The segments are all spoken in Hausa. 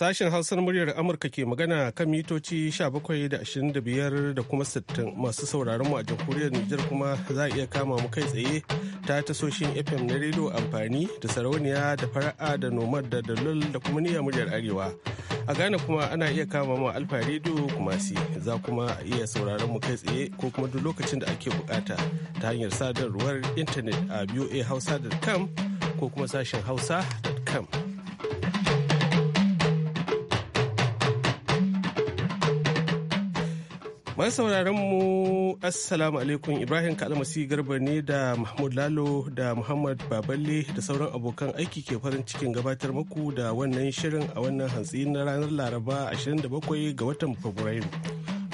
Sashen Hausar muryar Amurka ke magana kan mitoci 17.25 da kuma 60 masu sauraron mu a jamhuriyar Nijar kuma za a iya kama mu kai tsaye ta tasoshin FM na rediyo amfani da sarauniya da fara'a da nomad da dalil da kuma niyyar muryar Arewa. A Ghana kuma ana iya kama mu Alfa rediyo kuma si za kuma iya sauraron mu kai tsaye ko kuma duk lokacin da ake bukata ta hanyar sadarwar intanet a voahausa.com ko kuma sashen hausa.com. Masu sauraron mu Assalamu alaikum Ibrahim Kalmasi Garba ne da Mahmud Lalo da Muhammad Baballe da sauran abokan aiki ke farin cikin gabatar muku da wannan shirin a wannan hantsi na ranar Laraba 27 ga watan Fabrairu.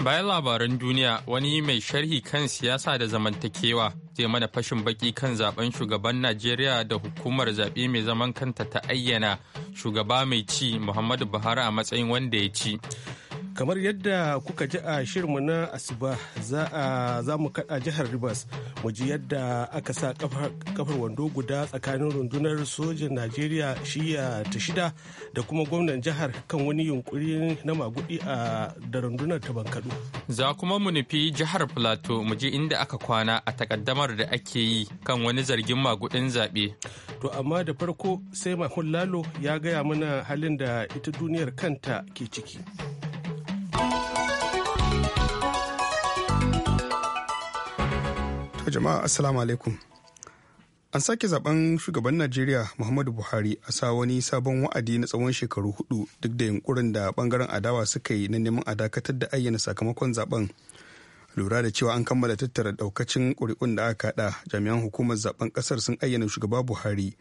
Bayan labaran duniya wani mai sharhi kan siyasa da zamantakewa zai mana fashin baki kan zaben shugaban Najeriya da hukumar zaɓe mai zaman kanta ta ayyana shugaba mai ci Muhammadu Buhari a matsayin wanda ya ci. kamar yadda kuka ji a shirinmu na asuba za a za mu kaɗa jihar rivers mu ji yadda aka sa kafar wando guda tsakanin rundunar sojin najeriya shiya ta shida da kuma gwamnan jihar kan wani yunkuri na magudi a da rundunar ta bankadu za kuma mu nufi jihar plateau mu ji inda aka kwana a takaddamar da ake yi kan wani zargin magudin zaɓe to amma da farko sai mahun lalo ya gaya mana halin da ita duniyar kanta ke ciki To jama'a assalamu alaikum. An sake zaben shugaban Najeriya Muhammadu Buhari a sa wani sabon wa'adi na tsawon shekaru hudu duk da yunkurin da bangaren adawa suka yi na neman a dakatar da ayyana sakamakon zaben. Lura da cewa an kammala tattara daukacin ƙuri'un da aka haɗa jami'an hukumar zaben ƙasar sun ayyana shugaba Buhari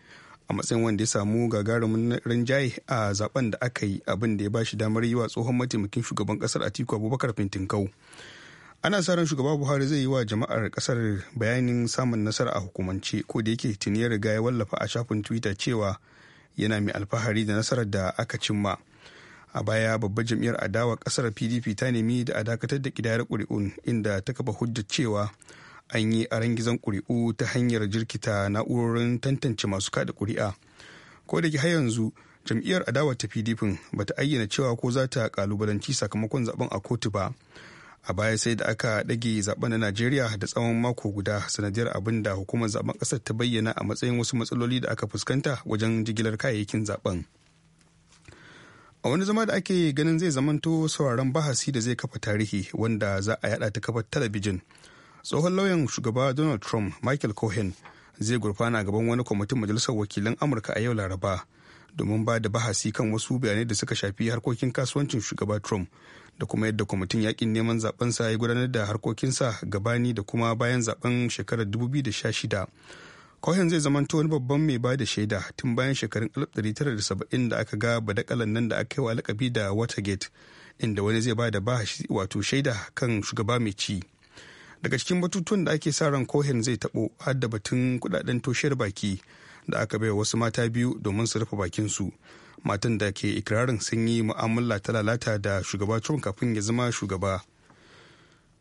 a matsayin wanda ya samu gagarumin rinjaye a zaben da aka yi abin da ya ba shi damar yi wa tsohon mataimakin shugaban ƙasar Atiku Abubakar Fintinkau. kau. ana sa ran shugaba buhari zai yi wa jama'ar kasar bayanin samun nasara a hukumance ko da yake tuni ya riga ya wallafa a shafin twitter cewa yana mai alfahari da nasarar da aka cimma a baya babbar jam'iyyar adawa kasar pdp ta nemi da a dakatar da kidayar ƙuri'un inda ta kafa hujjar cewa an yi gizon ƙuri'u ta hanyar jirkita na'urorin tantance masu kada kuri'a ko da ke har yanzu jam'iyyar adawa ta pdp bata ayyana cewa ko za ta kalubalanci sakamakon zaben a kotu ba a baya sai da aka ɗage zaben na najeriya da tsawon mako guda sanadiyar abin da hukumar zaben ƙasar ta bayyana a matsayin wasu matsaloli da aka fuskanta wajen jigilar kayayyakin zaben a wani zama da ake ganin zai zamanto sauraron bahasi da zai kafa tarihi wanda za a yada ta kafar talabijin tsohon lauyan shugaba donald trump michael cohen zai gurfana gaban wani kwamitin majalisar wakilan amurka a yau laraba domin ba da bahasi kan wasu bayanai da suka shafi harkokin kasuwancin shugaba trump da kuma yadda kwamitin yakin neman sa ya gudanar da harkokinsa gabani da kuma bayan zaben shekarar 2016 kohen zai zamanto wani babban mai ba da shaida tun bayan shekarun 1970 da aka ga badakalan nan da aka yi wa lakabi da watergate inda wani zai ba da ba wato shaida kan shugaba mai ci daga cikin batutuwan da ake sa ran kohen zai tabo har da batun kudaden toshiyar baki da aka bai wasu mata biyu domin su rufe bakinsu su matan da ke ikirarin sun yi mu'amala ta lalata da shugaba trump kafin ya zama shugaba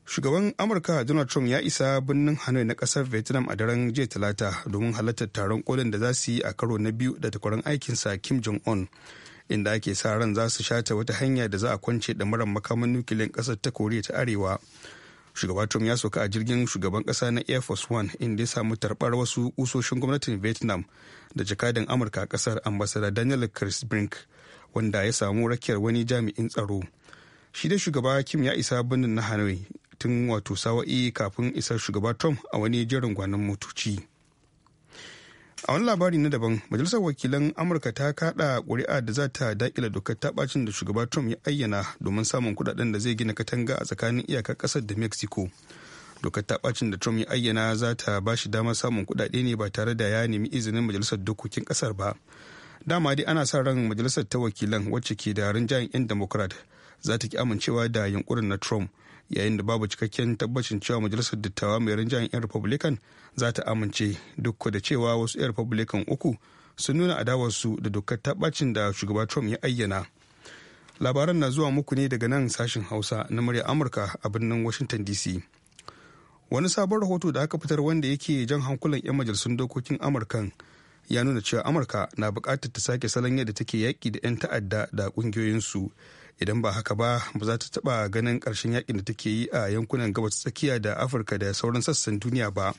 shugaban amurka donald trump ya isa birnin hanoi na kasar vietnam a daren jiya talata domin halartar taron kolin da za su yi a karo na biyu da takwarar aikinsa kim jong-un inda ake sa ran za su shata wata hanya da za a kwance da ɗamarar makaman nukiliyar kasar ta koriya ta arewa shugaba trump ya sauka a jirgin shugaban kasa na air force one inda ya samu tarbar wasu kusoshin gwamnatin vietnam da jakadan amurka a kasar ambassador daniel chris brink wanda ya samu rakiyar wani jami'in tsaro shi da shugaba kim ya isa birnin na hanoi tun wato sawa'i kafin isar shugaba trump a wani jerin gwanon motoci. a wani labari na daban majalisar wakilan amurka ta kada kuri'a da za ta dakila dokar ta da shugaba trump ya ayyana domin samun kudaden da zai gina katanga a tsakanin iyakar kasar da mexico dokar ta da trump ya ayyana za ta ba shi damar samun kudade ne ba tare da ya nemi izinin majalisar dokokin kasar ba dama dai ana sa ran majalisar ta wakilan wacce ke da rinjayen 'yan democrat za ta ki amincewa da yunkurin na trump yayin da babu cikakken tabbacin cewa majalisar dattawa mai rinjayen 'yan republican za ta amince duk da cewa wasu 'yan republican uku sun nuna adawarsu da dokar tabbacin da shugaba trump ya ayyana labaran na zuwa muku ne daga nan sashen hausa na murya amurka a birnin washington dc wani sabon rahoto da aka fitar wanda yake jan hankulan 'yan majalisun dokokin amurkan ya nuna cewa amurka na bukatar ta sake salon yadda take yaki da 'yan ta'adda da ƙungiyoyinsu idan ba haka ba ba za ta taɓa ganin ƙarshen yakin da take yi a yankunan gabas tsakiya da afirka da sauran sassan duniya ba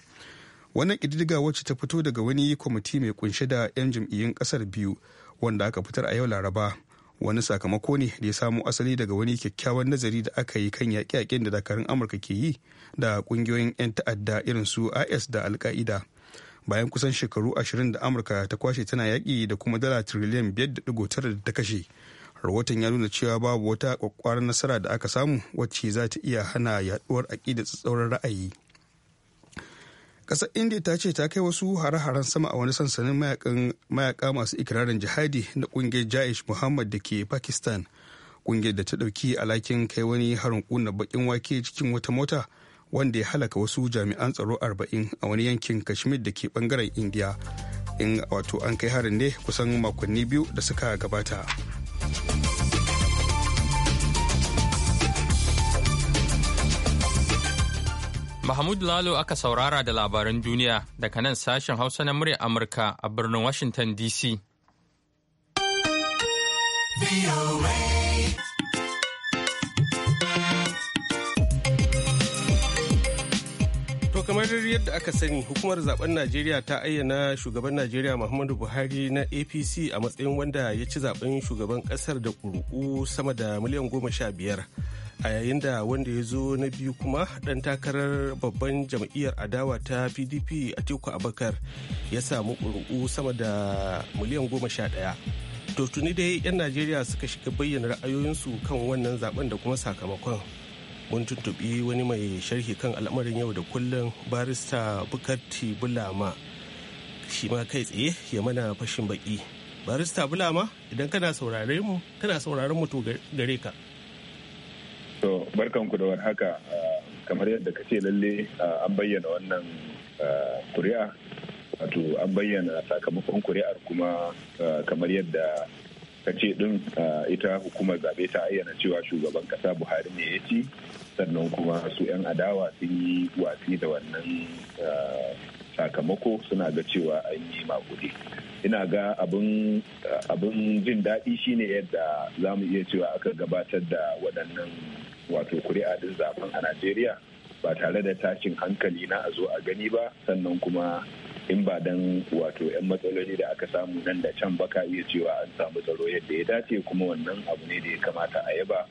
wannan ƙididdiga wacce ta fito daga wani kwamiti mai kunshe da 'yan jam'iyyun ƙasar biyu wanda aka fitar a yau laraba wani sakamako ne da ya samo asali daga wani kyakkyawan nazari da aka yi kan yaƙe-yaƙen da dakarun amurka ke yi da ƙungiyoyin 'yan ta'adda irin su is da alka'ida bayan kusan shekaru ashirin da amurka ta kwashe tana yaƙi da kuma dala tiriliyan biyar da ta kashe rahoton ya nuna cewa babu wata kwakwara nasara da aka samu wacce za ta iya hana yaduwar aƙida tsatsauran ra'ayi ƙasar india ta ce ta kai wasu hare-haren sama a wani sansanin mayaka masu ikirarin jihadi na ƙungiyar jaish muhammad da ke pakistan ƙungiyar da ta ɗauki alakin kai wani harin ƙuna baƙin wake cikin wata mota wanda ya halaka wasu jami'an tsaro arba'in a wani yankin kashmir da ke bangaren indiya in wato an kai harin ne kusan makonni biyu da suka gabata Mahmud Lalo aka saurara da labaran duniya daga nan sashen Hausa na muryar Amurka a birnin Washington DC. kamar yadda aka sani hukumar zaben Najeriya ta ayyana shugaban Najeriya Muhammadu Buhari na APC a matsayin wanda ya ci zaben shugaban kasar da kuru'u sama da miliyan goma sha biyar. A yayin da wanda ya zo na biyu kuma ɗan takarar babban jam'iyyar adawa ta PDP Atiku Abakar ya samu ƙuri'u sama da miliyan goma sha ɗaya. To tuni dai 'yan Najeriya suka shiga bayyana ra'ayoyinsu kan wannan zaben da kuma sakamakon. mun tuntubi wani mai sharhi kan al'amarin yau da kullum barista bukati bulama shi ma kai tsaye ya mana fashin baki barista bulama idan kana saurare mu kana sauraron mu to gare ka to barkanku da haka kamar yadda ka ce lalle an bayyana wannan kuri'a wato an bayyana sakamakon kuri'ar kuma kamar yadda kace din ita hukumar zaɓe ta ayyana cewa shugaban kasa buhari ne ya ci sannan kuma su 'yan adawa sun yi watsi da wannan sakamako suna ga cewa an yi maguɗi ina ga abin jin daɗi shine yadda za mu iya cewa aka gabatar da waɗannan wato kuri'a din zaben a najeriya ba tare da tashin hankali na a zo a gani ba sannan kuma in ba dan wato 'yan matsaloli da aka samu nan da can baka iya cewa an samu tsaro yadda ya dace kuma wannan abu ne da ya kamata a yaba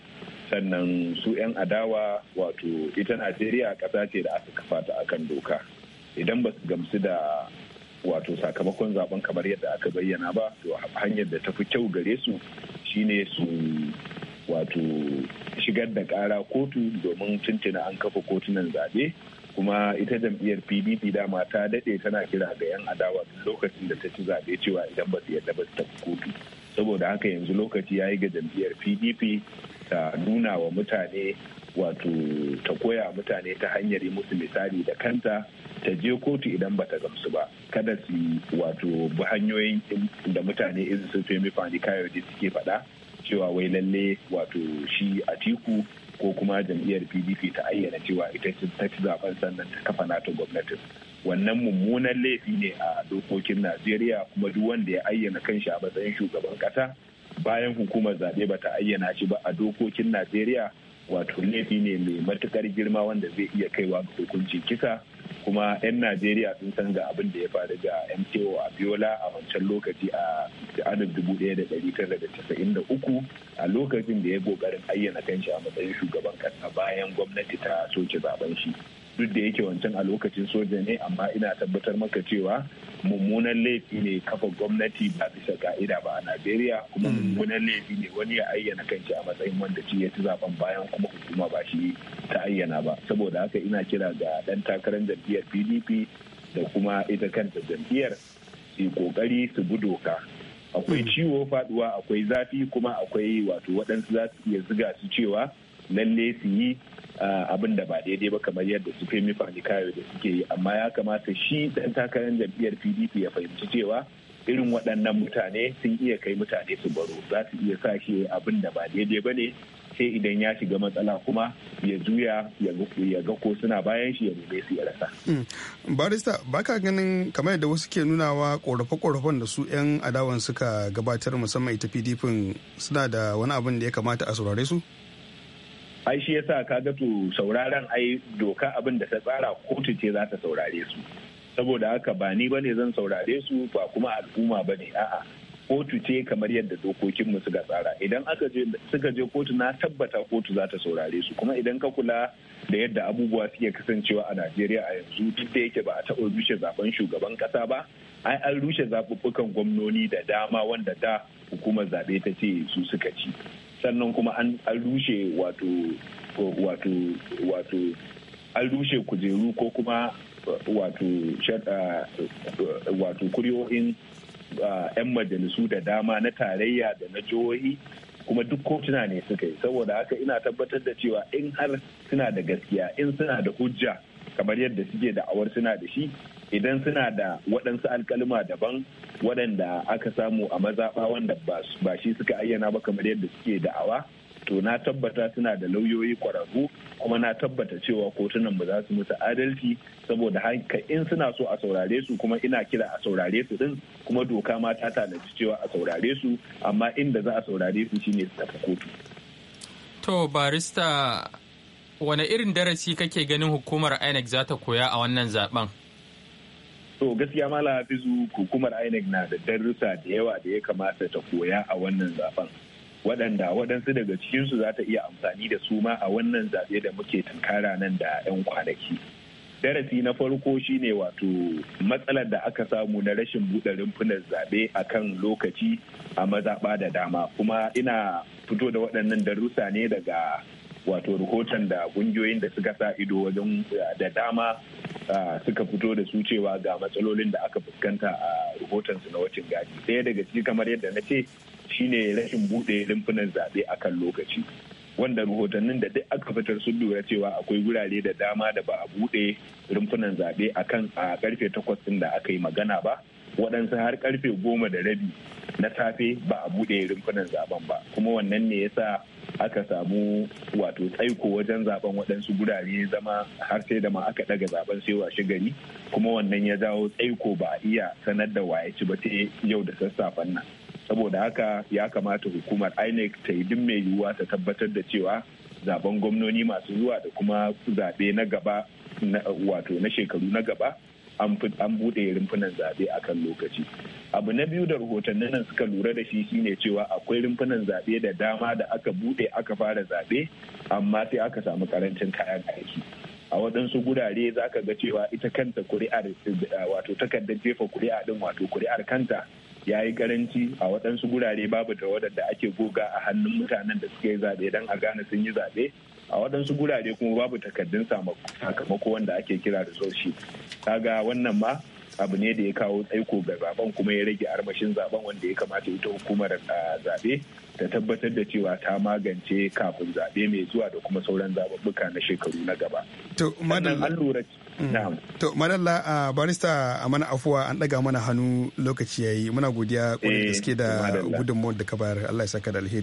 sannan su 'yan adawa wato ita najeriya ƙasa ce da aka kafa ta akan doka idan ba su gamsu da wato sakamakon zaben kamar yadda aka bayyana ba to hanyar da ta fi kyau gare su shine su wato shigar da kara kotu domin tuntuna an kafa kotunan zaɓe kuma ita jam'iyyar pdp dama ta daɗe tana kira ga 'yan adawa lokacin da ta ci zaɓe cewa idan ba su yarda ba su tafi kotu saboda haka yanzu lokaci ya yi ga jam'iyyar pdp ta nuna wa mutane wato ta koya mutane ta hanyar yi musu misali da kanta ta je kotu idan ba ta gamsu ba kada su wato bi hanyoyin da mutane irin su femi fani da suke faɗa cewa wai lalle wato shi atiku ko kuma jam'iyyar pdp ta ayyana cewa ita ce ta ci zaben sannan ta kafa nato gwamnatin wannan mummunan laifi ne a dokokin najeriya kuma duk wanda ya ayyana kanshi a matsayin shugaban kasa bayan hukumar zaɓe bata ayyana shi ba a dokokin najeriya wato laifi ne mai matukar girma wanda zai iya kaiwa ga hukuncin kisa kuma 'yan najeriya sun san ga abin da ya faru ga mto a biola a wancan lokaci a alif dubu a lokacin da ya kokarin ayyana kanshi a matsayin shugaban kasa bayan gwamnati ta soke zaben shi duk da yake wancan a lokacin soja ne amma ina tabbatar maka cewa mummunan laifi ne kafa gwamnati ba bisa ka'ida ba a najeriya kuma hmm. mummunan laifi ne wani ya ayyana kanci a matsayin wanda ci ya ci zaben bayan kuma hukuma ba shi ta ayyana ba saboda haka ina kira ga dan takarar jam'iyyar pdp da kuma ita kanta jam'iyyar su kokari su bi doka akwai hmm. ciwo faduwa akwai zafi kuma akwai wato waɗansu za su iya ziga su cewa lalle su yi abin da ba daidai ba kamar yadda su femi kayo da suke yi amma ya kamata shi dan takarar jam'iyyar pdp ya fahimci cewa irin waɗannan mutane sun iya kai mutane su baro za su iya sa shi abin da ba daidai ba ne sai idan ya shiga matsala kuma ya juya ya ga ko suna bayan shi ya nube su ya rasa. Hmm. barista baka ganin kamar yadda wasu ke nunawa korafe-korafen da su 'yan adawan suka gabatar musamman ita pdp suna da wani abin da ya kamata a saurare su? ai shi yasa kaga to sauraron ai doka abin da ta tsara kotu ce za ta saurare su saboda haka ba ni bane zan saurare su ba kuma al'umma bane a'a kotu ce kamar yadda dokokin mu suka tsara idan aka je suka je kotu na tabbata kotu za ta saurare su kuma idan ka kula da yadda abubuwa suke kasancewa a Najeriya a yanzu duk da yake ba a taɓa rushe zaben shugaban ƙasa ba ai an rushe zaɓuɓɓukan gwamnoni da dama wanda da hukumar zaɓe ta ce su suka ci sannan kuma an rushe wato wato wato an rushe kujeru ko kuma uh, wato uh, uh, wato kuriyoyin 'yan majalisu da dama na tarayya da na jihohi kuma duk kotuna ne suka yi saboda haka ina tabbatar da cewa in har suna da gaskiya in suna da hujja kamar yadda suke da awar suna da shi idan suna da waɗansu alkalima daban waɗanda aka samu a mazaɓa wanda ba shi suka ayyana ba kamar yadda suke da'awa to na tabbata suna da lauyoyi kwararru kuma na tabbata cewa kotunan ba za su musu adalci saboda haka in suna so a saurare su kuma ina kira a saurare su din kuma doka ma ta tanaji cewa a saurare su amma inda za a saurare su shine su tafi kotu to barista wane irin darasi kake ganin hukumar inec za ta koya a wannan zaben so gaskiya mala hafizu hukumar inec na da darussa da yawa da ya kamata ta koya a wannan zaben waɗanda waɗansu daga cikinsu za ta iya amfani da su ma a wannan zaɓe da muke tunkara nan da 'yan kwanaki darasi na farko shine wato matsalar da aka samu na rashin buɗe rumfunar zaɓe a kan lokaci a mazaɓa da dama kuma ina fito da waɗannan darussa ne daga wato rahoton da kungiyoyin da suka sa ido wajen eh, da dama eh, suka fito da su cewa ga matsalolin da aka fuskanta a rahoton su na wacin gaji ɗaya daga ciki kamar yadda na ce shine rashin buɗe rumfunan zaɓe kan lokaci wanda rahotannin da duk aka fitar sun lura cewa akwai wurare da dama da ba a buɗe rumfunan zaɓe kan a karfe takwas ɗin da aka yi magana ba waɗansu har karfe goma da rabi na safe ba a buɗe rumfunan zaɓen ba kuma wannan ne yasa aka samu wato tsaiko wajen zaben waɗansu gurare zama har sai da ma aka ɗaga zaben sai washe gari kuma wannan ya jawo tsaiko ba a iya sanar da waye ci ba sai yau da sassafen nan saboda haka ya kamata hukumar inec ta yi duk mai yiwuwa ta tabbatar da cewa zaben gwamnoni masu zuwa da kuma zaɓe na gaba wato na shekaru na gaba an buɗe rumfunan zaɓe a kan lokaci abu na biyu da rahotannin nan suka lura da shi shine cewa akwai rumfunan zaɓe da dama da aka buɗe aka fara zaɓe amma sai aka samu karancin kayan aiki a waɗansu gurare za ka ga cewa ita kanta kuri'ar eh, wato takardar jefa kuri'a din wato kuri'ar kanta ya yi karanci a waɗansu gurare babu da waɗanda ake goga a hannun mutanen da suka yi zaɓe don a gane sun yi zaɓe a waɗansu gurare kuma babu takardun sakamako wanda ake kira da sheet kaga wannan ma abu ne da ya kawo tsaiko ga zaben kuma ya rage armashin zaben wanda ya kamata ita hukumar zaɓe ta tabbatar da cewa ta magance kafin zaɓe mai zuwa da kuma sauran zaɓuɓɓuka na shekaru na gaba. To, To madalla a barista a mana afuwa an daga mana hannu lokaci yayi muna godiya da eh, suke da gudunmawar da ka bayar Allah ya saka da alheri.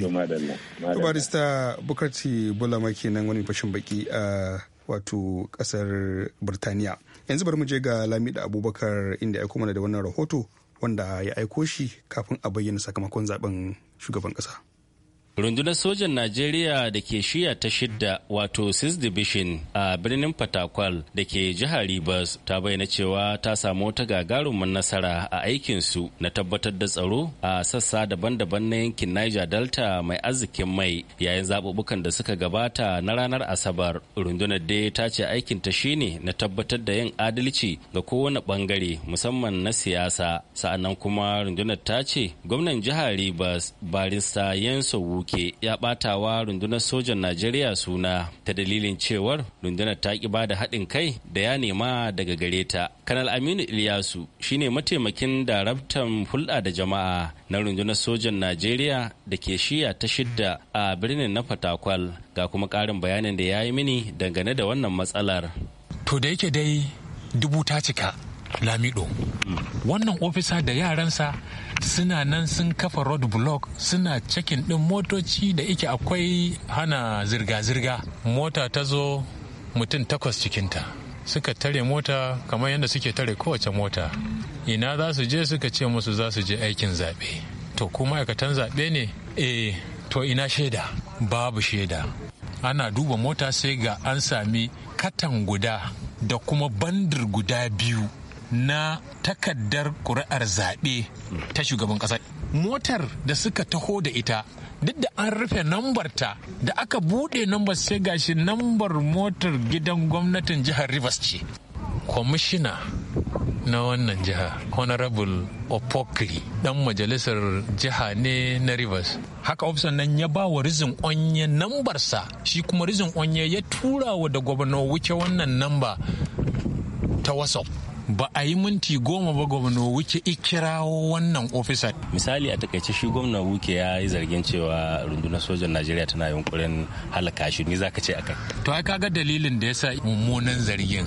To barista bukati Bulama kenan wani fashin baki a wato kasar Birtaniya. Yanzu bari mu je ga Lamida Abubakar inda ya kuma da wannan rahoto wanda ya aiko shi kafin a bayyana sakamakon zaben shugaban kasa. rundunar sojan najeriya da ke shiya ta shidda wato 6 division a birnin fatakwal da ke jihar Ribas ta bayyana cewa ta samu wata gagarumin nasara a aikinsu na tabbatar da tsaro a sassa daban-daban na yankin niger delta mai arzikin mai yayin zaɓuɓɓukan da suka gabata na ranar asabar rundunar dai ta ce aikin ta shine na tabbatar da yin adalci ga kowane bangare musamman na siyasa sa'annan kuma rundunar ta ce gwamnan jihar rivers barista yansowu Uke ya ɓatawa rundunar sojan Najeriya suna ta dalilin cewar rundunar ta ki bada haɗin kai da ya nema daga gare ta. Kanal Aminu Ilyasu shine mataimakin daraktan hulɗa da jama'a na rundunar sojan Najeriya da ke shiya ta shidda a birnin na Fatakwal ga kuma ƙarin bayanin da ya yi mini dangane da wannan matsalar. To da yake dai dubu ta cika Lamido. Hmm. Wannan ofisa da yaransa suna nan sun kafa road block suna cekin ɗin motoci da ike akwai hana zirga-zirga mota ta zo mutum takwas cikinta suka tare mota kamar yadda suke tare kowace mota ina za su je suka ce musu za su je aikin zaɓe to ko ma'aikatan zaɓe ne eh to ina shaida babu shaida ana duba mota sai ga an sami katan guda da kuma bandir guda biyu na takaddar ƙuri'ar zaɓe ta shugaban ƙasa motar da suka taho da ita duk da an rufe nambarta da aka buɗe nambar sai gashi nambar motar gidan gwamnatin jihar rivers ce kwamishina na wannan jiha honorable opokri dan majalisar jiha ne na rivers haka ofisar nan ya ba wa rizin onye nambarsa shi kuma rizin onye ya tura wa da gwamna wuce wannan namba ta whatsapp ba a yi minti goma ba gwamna wuke ikirawo wannan ofisa misali a takaice shi gwamna wuke ya yi zargin cewa rundunar sojan najeriya tana yunkurin halaka shi ni zaka ce akai to ai kaga dalilin da yasa mummunan zargin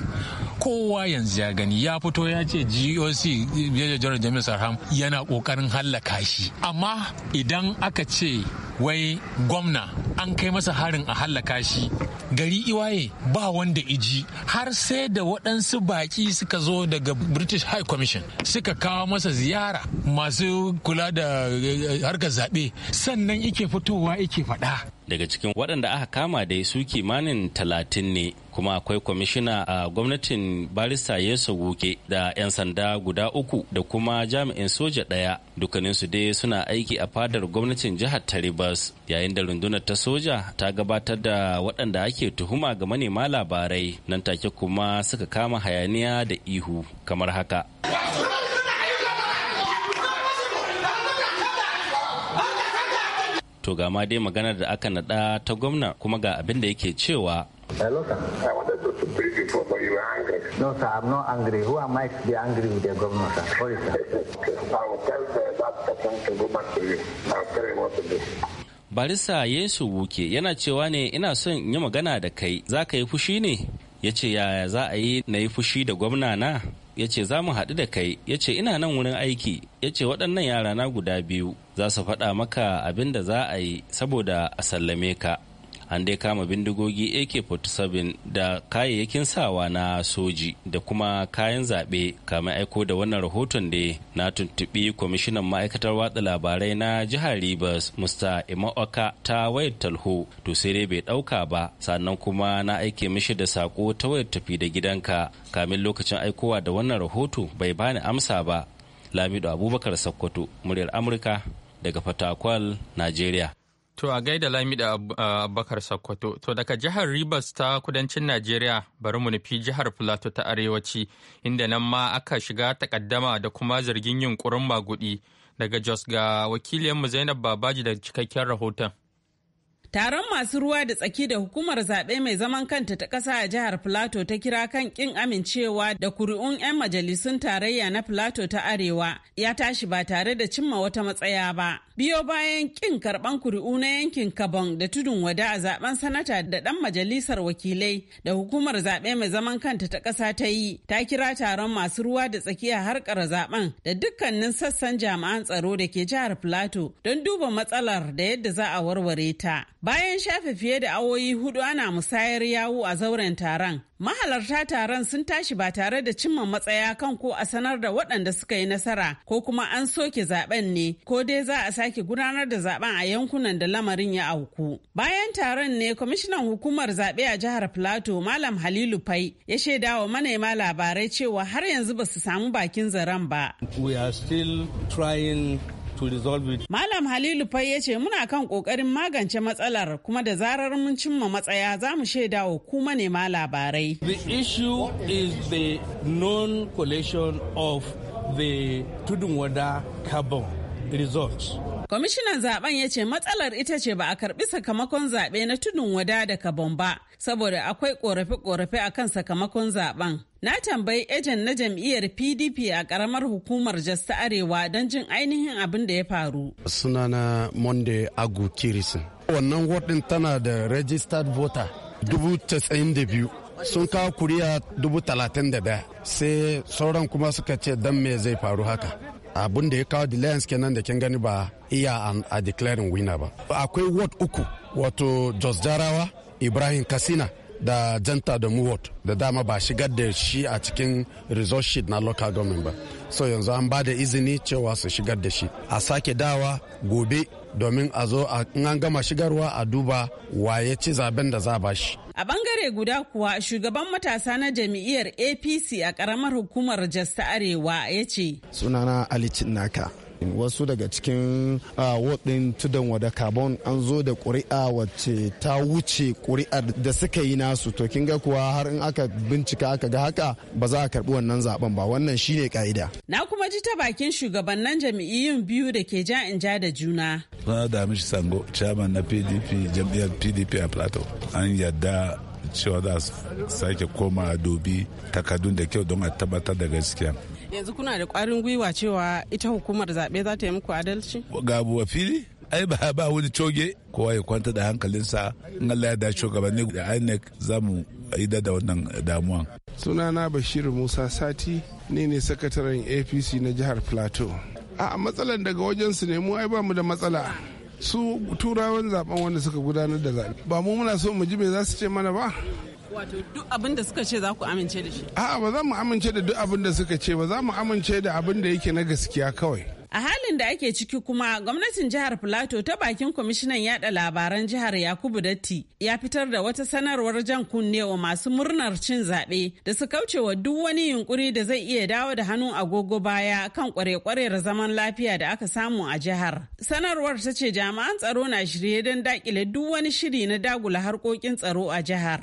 kowa yanzu ya gani ya fito ya ce goc janar jami'ar sarham yana kokarin halaka shi amma idan aka ce wai gwamna an kai masa harin a hallaka shi gari iwaye ba wanda iji har sai da waɗansu baƙi suka zo daga british high commission suka kawo masa ziyara masu kula da eh, eh, harkar zaɓe sannan ike fitowa ike faɗa daga cikin waɗanda aka kama da su kimanin talatin ne kuma akwai kwamishina a gwamnatin barista yesu guke da 'yan sanda guda uku da kuma jami'in soja ɗaya dukkaninsu dai suna aiki a fadar gwamnatin jihar taribas yayin da rundunar ta soja ta gabatar da waɗanda ake tuhuma ga manema labarai nan take kuma suka kama hayaniya da ihu kamar haka to ga ma dai maganar da aka naɗa ta gwamna kuma ga abin da yake cewa Hello, sir. I wanted to brief you for, but you were angry. No, sir, I'm not angry. Who am I to be angry with the governor, sir? Sorry, sir. I will tell that person to go Yesu Wuke yana cewa ne ina son yi magana da kai za ka yi fushi ne? Ya ce yaya za a yi na yi fushi da gwamna na? Ya ce za mu haɗu da kai, ya ce ina nan wurin aiki, ya ce waɗannan yara na guda biyu za su faɗa maka abin da za a yi saboda a sallame ka an dai kama bindigogi ak-47 da kayayyakin sawa na soji da kuma kayan zaɓe kamar aiko da wannan rahoton da na tuntuɓi kwamishinan ma'aikatar watsa labarai na jihar rivers mr imaoka ta wayar talho to sai dai bai ɗauka ba sannan kuma na aike mishi da sako ta wayar tafi da gidanka kamin lokacin aikowa da wannan rahoto bai bani amsa ba lamido abubakar sakkwato muryar amurka daga fatakwal najeriya To a gaida Lamida Abubakar Sokoto, to daga jihar Rivers ta kudancin Najeriya bari mu nufi jihar Filato ta arewaci, inda nan ma aka shiga takaddama da kuma zargin yunkurin magudi daga Jos ga wakilinmu Zainab Babaji da cikakken rahoton. Taron masu ruwa da tsaki da hukumar zaɓe mai zaman kanta ta ƙasa a jihar Filato ta kira kan ƙin amincewa da kuri'un 'yan majalisun tarayya na Filato ta Arewa ya tashi ba tare da cimma wata matsaya ba. Biyo bayan ƙin karɓan kuri'u na yankin Kabon da tudun wada a zaben sanata da ɗan majalisar wakilai da hukumar zaɓe mai zaman kanta ta ƙasa ta yi ta kira taron masu ruwa da tsaki a harkar zaɓen da dukkanin sassan jami'an tsaro da ke jihar Filato don duba matsalar da yadda za a warware ta. Bayan shafe fiye da awoyi hudu ana musayar yawu a zauren taron, mahalarta taron sun tashi ba tare da cimma matsaya kan ko a sanar da waɗanda suka yi nasara ko kuma an soke zaben ne ko dai za a sake gudanar da zaben a yankunan da lamarin ya auku. Bayan taron ne kwamishinan hukumar zaɓe a jihar Plateau Malam Halilu Fai ya shaida wa manema labarai cewa har yanzu ba su samu bakin zaren ba. We are still to resolve it. Malam Halilu Fai ya ce muna kan kokarin magance matsalar kuma da zarar mun cimma matsaya za mu shaida wa ku manema labarai. The issue is the non-collection of the tudun wada carbon results. Kwamishinan zaben ya ce matsalar ita ce ba a karbi sakamakon zaɓe na tudun wada da kabon ba saboda akwai korafe-korafe a kan sakamakon zaben. Na tambayi ejen na jam'iyyar PDP a karamar hukumar jasta Arewa don jin ainihin abin da ya faru. Sunana Monday Agu Kirisin. Wannan wadin tana da registered voter dubu biyu. sun kawo kuriya dubu talatin da daya sai sauran kuma suka ce dan me zai faru haka abin da ya kawo delayance kenan da kin gani ba iya a declaring winner ba akwai ward uku wato jos jarawa ibrahim kasina da janta da muwot da dama ba shigar da shi a cikin resort sheet na local government ba so yanzu an ba da izini cewa su shigar da shi a sake dawa gobe domin a zo in an gama shigarwa a duba waye ci zaben da za ba shi a bangare guda kuwa shugaban matasa na jami'iyar apc a karamar hukumar jasta arewa ya ce sunana ali cinnaka wasu daga cikin ah, wadin tudan wada carbon an zo da kuri'a wacce ta wuce ƙuri'ar da suka yi nasu to kin ga kuwa har in aka bincika aka ga haka ba za a karbi wannan zaben ba wannan shine ka'ida na kuma ji ta bakin shugabannin jam'iyyun biyu da ke ja in ja da juna na da mishi sango chairman na pdp jam'iyyar pdp a plateau an yadda cewa za su sake koma dobi takardun da kyau don a tabbatar da gaskiya yanzu kuna da kwarin gwiwa cewa ita hukumar zaɓe za ta yi muku adalci ga abuwa fili ai ba ba wani coge kowa ya kwanta da hankalinsa in Allah ya dace shugabanni da INEC za mu yi da wannan damuwan sunana Bashir Musa Sati ne ne sakataren APC na jihar Plateau a matsalan daga wajen su ne mu ai ba mu da matsala su turawan zaben wanda suka gudanar da zaɓe ba mu muna so mu ji me za su ce mana ba Wato duk abin da suka ce za ku amince da shi? A'a ba za mu amince da duk abin suka ce ba za mu amince da abin yake na gaskiya kawai. A halin da ake ciki kuma gwamnatin jihar Filato ta bakin kwamishinan yada labaran jihar Yakubu Datti ya fitar da wata sanarwar jan kunne wa masu murnar cin zaɓe da su kauce wa duk wani yunkuri da zai iya dawo da hannu agogo baya kan kware-kwarewar zaman lafiya da aka samu a jihar. Sanarwar ta ce jami'an tsaro na shirye don dakile duk wani shiri na dagula harkokin tsaro a jihar.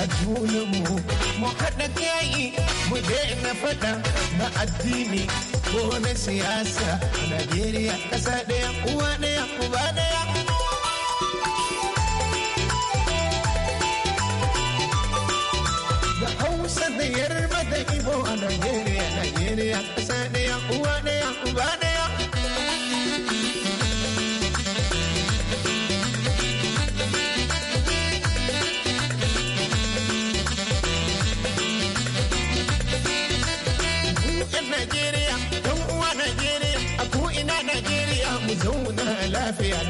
a junanmu mu haɗa kai mu daina faɗa na addini ko na siyasa Najeriya ƙasa ɗaya uwa ɗaya uba ɗaya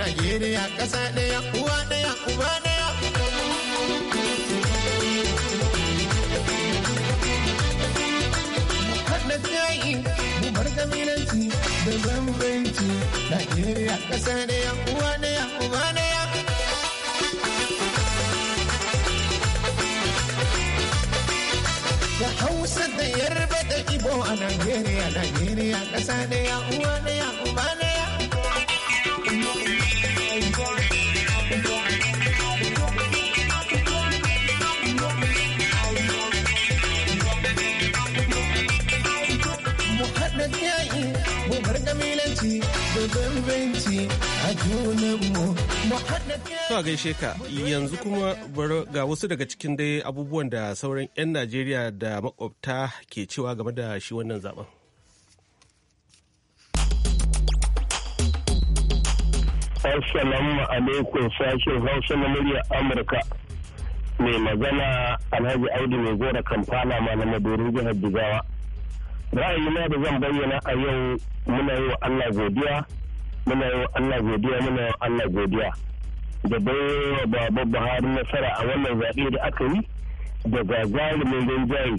Najeriya ƙasa ɗaya uwa ɗaya uba ɗaya. Haɗa jayi mu bar kabilanci da bambanci Najeriya ƙasa ɗaya uwa ɗaya uba ɗaya. Da Hausa da Yarba da Ibo a Najeriya, Najeriya ƙasa ɗaya uwa ɗaya uba ɗaya. gwamnati da a gaishe ka yanzu kuma ga wasu daga cikin dai abubuwan da sauran 'yan Najeriya da makwabta ke cewa game da shi wannan zaben. Assalamu alaikum sashen Hausa na murya Amurka. Mai magana Alhaji Audu mai gora Kampala malamai domin jihar Jigawa. ra'ayi na da zan bayyana a yau muna yi wa Allah godiya muna yi wa Allah godiya muna yi wa Allah godiya da baiwa baba Buhari nasara a wannan zaɓe da aka yi da gagarumin rinjaye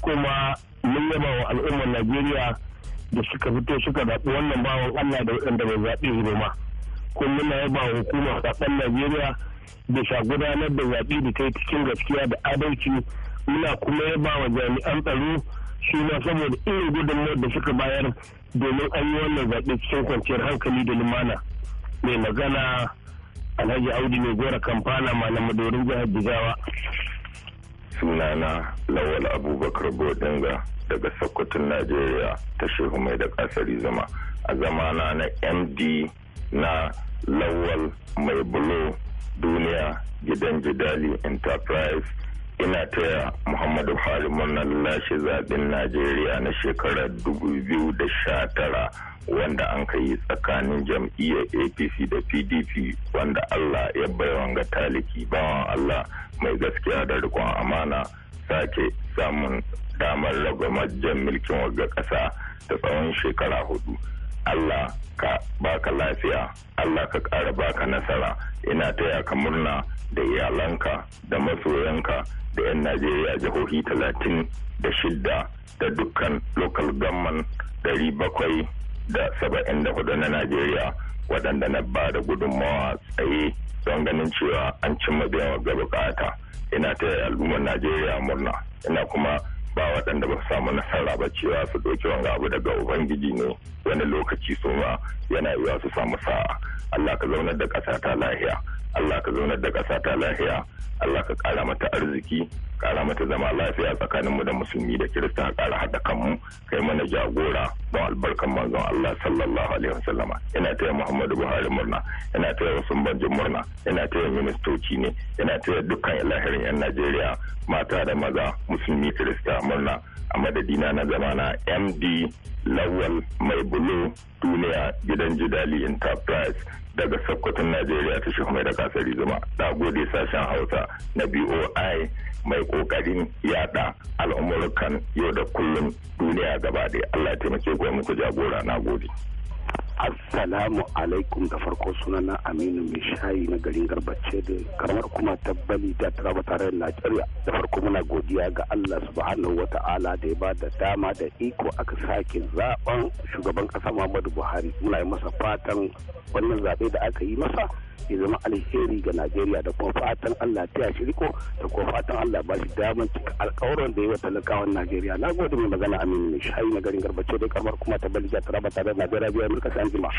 kuma mun yaba wa al'ummar Najeriya da suka fito suka zaɓi wannan bawan Allah da waɗanda bai zaɓe su ma kuma muna yaba wa hukumar zaɓen Najeriya da sha gudanar da zaɓe da kai cikin gaskiya da adalci muna kuma yaba wa jami'an tsaro shi ma saboda irin gudunmawar da suka bayar domin an yi wannan zaɓe cikin kwanciyar hankali da lumana mai magana alhaji audu mai gora kamfana malam madorin jihar bijawa sunana lawal abubakar bodinga daga sokoto najeriya ta shehu mai da kasari zama a zamana na md na lawal mai bulo duniya gidan jidali enterprise ina taya muhammadu buhari murnar lashe zaɓen najeriya na shekarar tara wanda an ka yi tsakanin jam'iyyar apc da pdp wanda allah ya baiwa ga taliki bawan allah mai gaskiya da rikon amana sake samun damar ragwamar jan mulkin wagga ƙasa ta tsawon shekara hudu allah ka baka lafiya allah ka ƙara baka nasara ina taya ka murna da iyalanka da masoyanka da 'yan najeriya jihohi talatin da shidda da dukkan local government dari da saba'in da hudu na najeriya waɗanda na ba da gudunmawa tsaye don ganin cewa an cimma biyan ga bukata ina ta al'ummar najeriya murna ina kuma ba waɗanda ba samu nasara ba cewa su ɗauki wanga abu daga ubangiji ne wani lokaci su ma yana iya su samu sa'a allah ka zaunar da ƙasa ta lahiya Allah ka zaunar da ƙasa ta lafiya Allah ka ƙara mata arziki ƙara mata zama lafiya tsakanin mu da musulmi da kirista ƙara haɗa kanmu kai mana jagora don albarkan manzon Allah sallallahu alaihi wasallama ina taya Muhammadu Buhari murna ina taya Usman banjin murna ina taya ministoci ne ina taya dukkan lahirin 'yan Najeriya mata da maza musulmi kirista murna a madadina na zamana MD Lawal Mai Bulo Duniya Gidan Jidali Enterprise daga sokoton najeriya ta shi mai da kasari zuma na gode sashen hausa na boi mai kokarin yada al'umurkan yau da kullum duniya gaba da allah taimake gwamnati jagora na gode assalamu alaikum da farko sunana aminu mai shayi na garin garbace da karamar kuma ta da taraba najeriya da farko muna godiya ga allah subhanahu wa ta'ala da ya ba da dama da iko aka sake zaben shugaban kasa muhammadu buhari muna yi masa fatan wannan zaɓe da aka yi masa ya zama alheri ga Najeriya da kuma fatan Allah ta ya shiriko da kuma fatan Allah ba shi daman cika alƙawarin da ya wa talakawan Najeriya. Na gode mai magana Aminu ne shayi na garin Garbace da kamar kuma ta Balija ta raba tare da Najeriya biyu Amurka sai anjima.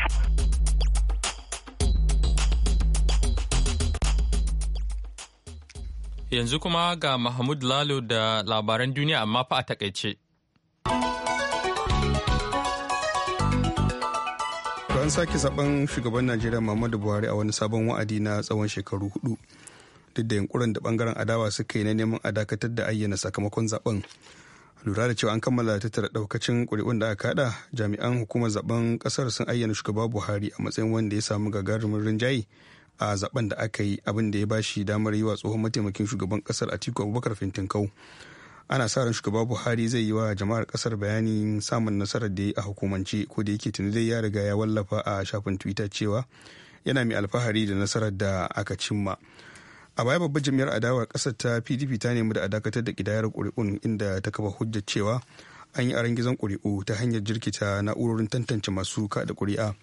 Yanzu kuma ga Mahmud Lalo da labaran duniya amma fa a takaice. an sake zaben shugaban Najeriya Muhammadu Buhari a wani sabon wa'adi na tsawon shekaru hudu. Duk da yankuran da bangaren adawa suka yi na neman a dakatar da ayyana sakamakon zaben. Lura da cewa an kammala tattara daukacin kuri'un da aka kada jami'an hukumar zaben kasar sun ayyana shugaba Buhari a matsayin wanda ya samu gagarumin rinjaye a zaben da aka yi abin da ya bashi damar yi wa tsohon mataimakin shugaban kasar Atiku Abubakar Fintinkau. kau. ana sa ran shugaba buhari zai yi wa jama'ar kasar bayanin samun nasarar da ya yi a hukumance ko da yake tuni dai ya riga ya wallafa a shafin twitter cewa yana mai alfahari da nasarar da aka cimma a baya babbar jami'ar adawar kasar ta pdp ta nemi da a dakatar da kidayar kuri'un inda ta kafa hujjar cewa an yi aron gizon kuri'u ta hanyar jirkita na'urorin tantance masu kaɗa kuri'a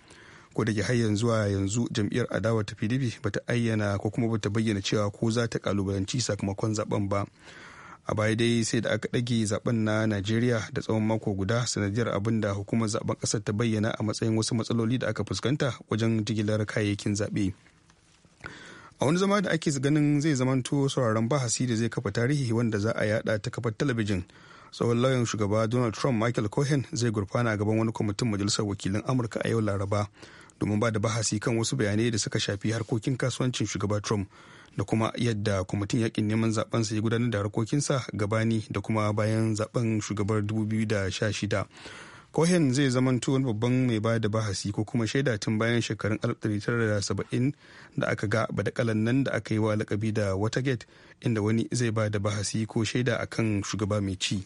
ko da ke har yanzu a yanzu jam'iyyar adawar ta pdp bata ayyana ko kuma bata bayyana cewa ko za ta kalubalanci sakamakon zaben ba a baya dai sai da aka ɗage zaben na najeriya da tsawon mako guda sanadiyar abin da hukumar zaben ƙasar ta bayyana a matsayin wasu matsaloli da aka fuskanta wajen jigilar kayayyakin zaɓe a wani zama da ake ganin zai zamanto sauraron bahasi da zai kafa tarihi wanda za a yada ta kafar talabijin tsohon lauyan shugaba donald trump michael cohen zai gurfana gaban wani kwamitin majalisar wakilan amurka a yau laraba domin ba da bahasi kan wasu bayanai da suka shafi harkokin kasuwancin shugaba trump da kuma yadda kwamitin yakin neman zaben sa ya gudanar da harkokinsa gabani da kuma bayan zaben shugabar 2016 kohen zai zama wani babban mai ba da bahasi ko kuma shaida tun bayan shekarun 1970 da aka ga badakalan nan da aka yi wa lakabi da watergate inda wani zai ba da bahasi ko shaida akan shugaba mai ci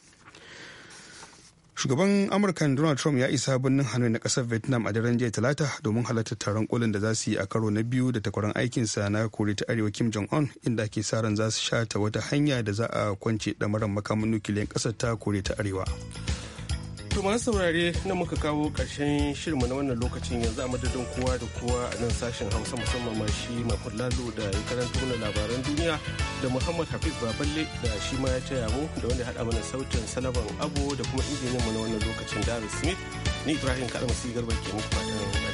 shugaban amurka donald trump ya isa birnin hanoi na kasar vietnam a daren jiya talata domin halartar taron kolin da za su yi a karo na biyu da takwaran aikinsa na kore ta arewa kim jong un inda ake sa ran za su shata wata hanya da za a kwance damarar makamin nukiliyan kasar ta kore ta arewa To masu saurare na muka kawo ƙarshen shirinmu na wannan lokacin yanzu a madadin kowa da kowa a nan sashen Hausa musamman ma shi makon Lalo da ya karanta mana labaran duniya da Muhammad Hafiz Baballe da shi ma ya taya mu da wanda haɗa mana sautin Salaman abu da kuma mu na wannan lokacin Darren Smith ni Ibrahim masu Garba ke muku fatan